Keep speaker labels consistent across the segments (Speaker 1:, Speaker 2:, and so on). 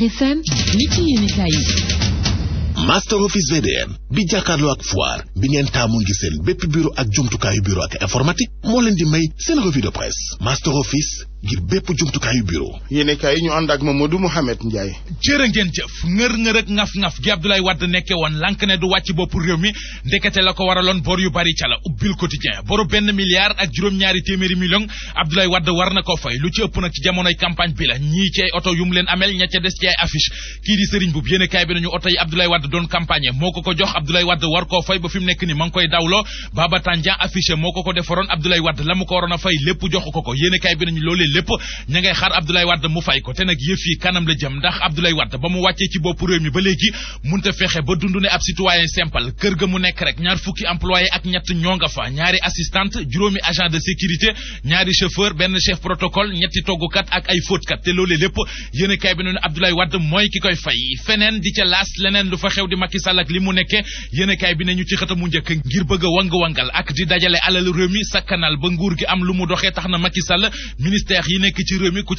Speaker 1: RFM li master office VDM bi jàkkaarloo ak foire bi ngeen taamu ngi seen bépp bureau ak jumtukaayu bureau ak informatique moo leen di may seen revue de presse master office ngir bépp jumtukaayu bureau. yéenekaay yi ñu ànd ak Mamadou Mouhamed Ndiaye. jërë ngeen jëf ngër ngër ak ngaf-ngaf gi Abdoulaye Wade nekke woon lank ne du wàcc bopp réew mi ndekete la ko waraloon bor yu bari ca ubbil quotidien boru benn milliard ak juróom-ñaari téeméeri million Abdoulaye Wade war na ko fay lu ci ëpp nag ci jamonoy campagne bi la ñii ci ay oto yu mu leen amel ña ca des ci ay affiche kii di Serigne Boub yéenekaay bi nañu oto yi ni ma ngi ko ko defaroon Abdoulaye Wade a fay lépp jox ko ko lépp ña ngay xaar Abdoulaye Wade mu fay ko te nag yëf yi kanam la jëm ndax Abdoulaye Wade ba mu wàccee ci bopp réew mi ba léegi munta fexe ba dund ne ab citoyen simple kër ga mu nekk rek ñaar fukki employé ak ñett ñoo nga fa ñaari assistante juróomi agent de sécurité ñaari chauffeur benn chef protocole ñetti toggukat ak ay fóotkat te loolee lépp yéen a kaay bi noonu Abdoulaye Wade mooy ki koy fay feneen di ca laas leneen lu fa xew di Macky Sall ak li mu nekkee yéen a kaay bi ne ñu ci xëta mu njëkk ngir bëgg a wang wangal ak di dajale alal réew mi sakkanal ba nguur gi am lu mu doxee tax na Macky Sall ministère ministère yi nekk ci réew mi ku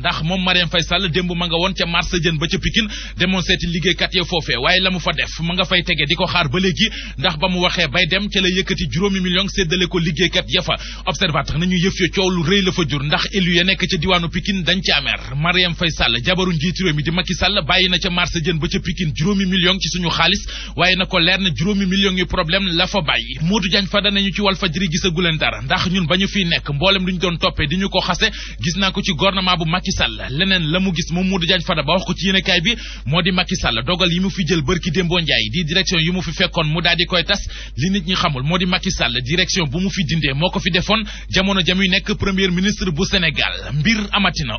Speaker 1: ndax moom Marème Faye Sall démb ma nga woon ca marché jën ba ca Pikine demoon seeti liggéeykat ya fa def ma nga yëf ya coow lu rëy la fa jur ndax élu ya nekk ca diwaanu Pikine dañ ca amer Marème Faye Sall jabaru njiitu réew mi di Macky Sall bàyyi na ca marché jën ba ca Pikine juróomi million millions ci suñu xaalis waaye na ko leer na juróomi millions yu problème la fa bàyyi Modou Diagne Fada nañu ci Walfadjri gisagu leen dara ndax ñun ba ñu fiy nekk mboolem lu ñu doon toppee di ñu ko xase gis naa ko ci gouvernement bu Macky Sall leneen la mu gis moom Modou Diagne Fada ba wax ko ci yéenekaay bi moo di Macky dogal yi mu fi jël bërki démboo njaay di direction yi mu fi fekkoon mu daal di koy tas li nit ñi xamul moo di Macky Sall direction bu mu fi dindee moo ko fi defoon jamono jamuy nekk premier ministre bu Sénégal mbir amatina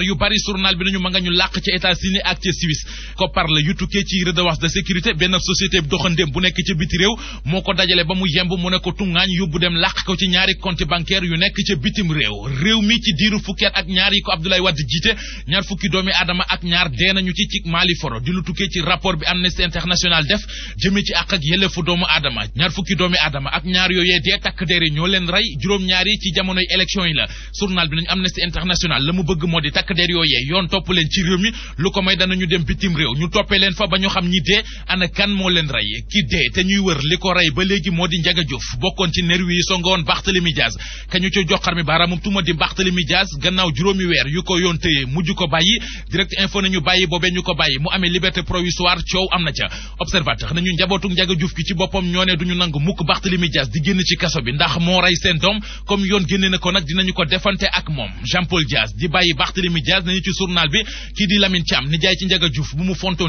Speaker 1: yu bari journal bi nañu ma nga la yu tukkee ci redevance de sécurité benn société doxandéem bu nekk ci biti réew moo ko dajale ba mu yemb mu ne ko tungaañ yóbbu dem làq ko ci ñaari compte bancaire yu nekk ca bitim réew réew mi ci diiru fukki ak ñaar yi ko Abdoulaye Wade jiite ñaar fukki doomi aadama ak ñaar dee nañu ci ci Mali foro di lu tukkee ci rapport bi Amnesty International def jëmee ci àq ak yelleefu doomu aadama ñaar fukki doomi aadama ak ñaar yooyee dee takk deer yooyee toppee leen fa ba ñu xam ñi dee ana moo leen rey ki dee te ñuy wër li ko rey ba léegi moo di Ndiaga Diouf bokkoon ci nervi yi songoon Barthélemy Dias ka ñu ci joxar mi baaraamum tuma di Barthélemy Dias gannaaw juróomi weer yu ko yoon tëye mujj ko bàyyi direct info nañu bàyyi boobee ñu ko bàyyi mu amee liberté provisoire coow am na ca observateur nañu njabootu Ndiaga Diouf gi ci boppam ñoo ne duñu nangu mukk Barthélemy Dias di génn ci kaso bi ndax moo rey seen doom comme yoon génne na ko ko defante ak moom Jean Paul Dias di bàyyi Barthélemy Dias nañu ci journal bi kii di Lamine Thiam ni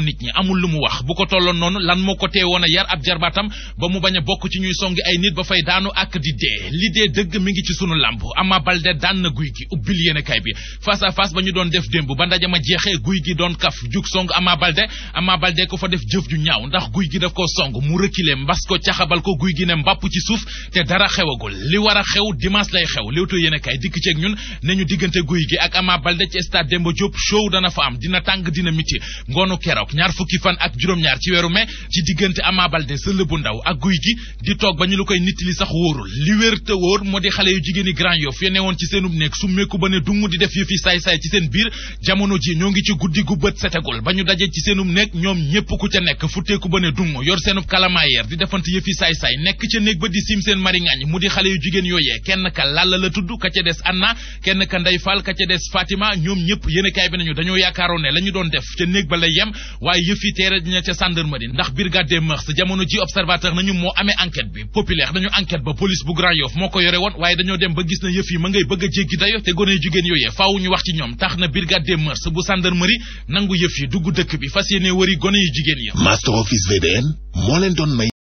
Speaker 1: tolloo nit ñi amul lu mu wax bu ko tolloon noonu lan moo ko teewoon a yar ab jarbaatam ba mu bañ a bokk ci ñuy songi ay nit ba fay daanu ak di dee li dee dëgg mi ngi ci sunu làmb Ama Baldé daan na guy gi ubbil yéenekaay bi face à ba ñu doon def démb ba ndaje ma jeexee guy gi doon kaf jug song Ama Baldé Ama Baldé ko fa def jëf ju ñaaw ndax guy gi daf ko song mu reculer mbas ko caxabal ko guy gi ne mbàpp ci suuf te dara xewagul li war a xew dimanche lay xew Leewtoo yéenekaay dikk ceeg ñun ne ñu diggante guy gi ak Ama Baldé ci stade Demba dana fa am dina tàng dina miti ngoonu keroog ñaar fukki fan ak juróom-ñaar ci weeru mai ci diggante Ama Baldé sëll bu ndaw ak guy gi di toog ba ñu lu koy nittali sax wóorul li wér te wóor moo di xale yu jigéeni Grand Yoff ya newoon ci seenub néeg summeeku ba ne dung di def yëfi saay-saay ci seen biir jamono ji ñoo ngi ci guddi gu bët setegul ba ñu daje ci seenub néeg ñoom ñépp ku ca nekk futteeku ba ne dung yor seenub kalamayeer di defante yëfi saay-saay nekk ca néeg ba di sim seen mariŋaañ mu di xale yu jigéen yooyee kenn ka Lalla la tudd ka ca des Anna kenn ka Ndey Fall ka ca des Fatima ñoom ñëpp yéenekaay bi nañu dañoo yaakaaroon ne la ñu doon def ca néeg ba lay yem waaye yëf yi teere dina ca gendarmerie ndax brigade des mœurs jamono ji observateur nañu moo amee enquête bi populaire dañu enquête ba police bu Grand Yoff moo ko yore woon waaye dañoo dem ba gis na yëf yi ma ngay bëgg a jéggi dayo te gone jigéen yooyee faaw ñu wax ci ñoom tax na brigade des mœurs bu gendarmerie nangu yëf yi dugg dëkk bi fas yéene wëri gone yu jigéen ya Master Office VDN moo leen doon may